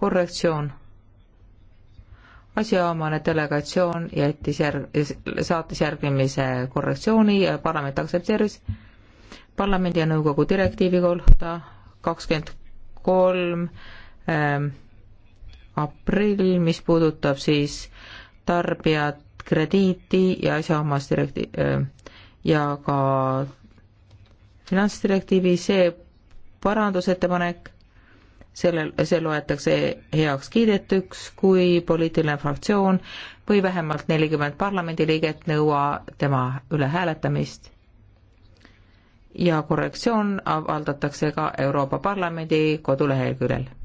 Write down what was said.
korrektsioon. asjaomane delegatsioon jättis järg-, saatis järgmise korrektsiooni ja parlament aktsepteeris parlamendi ja nõukogu direktiivi kohta kakskümmend kolm ähm, aprill, mis puudutab siis tarbijat, krediiti ja asjaomast direkti- ähm, ja ka finantsdirektiivi, see parandusettepanek sellel, see loetakse heaks kiidetuks, kui poliitiline fraktsioon või vähemalt nelikümmend parlamendiliiget nõua tema üle hääletamist. ja korrektsioon avaldatakse ka Euroopa Parlamendi koduleheküljel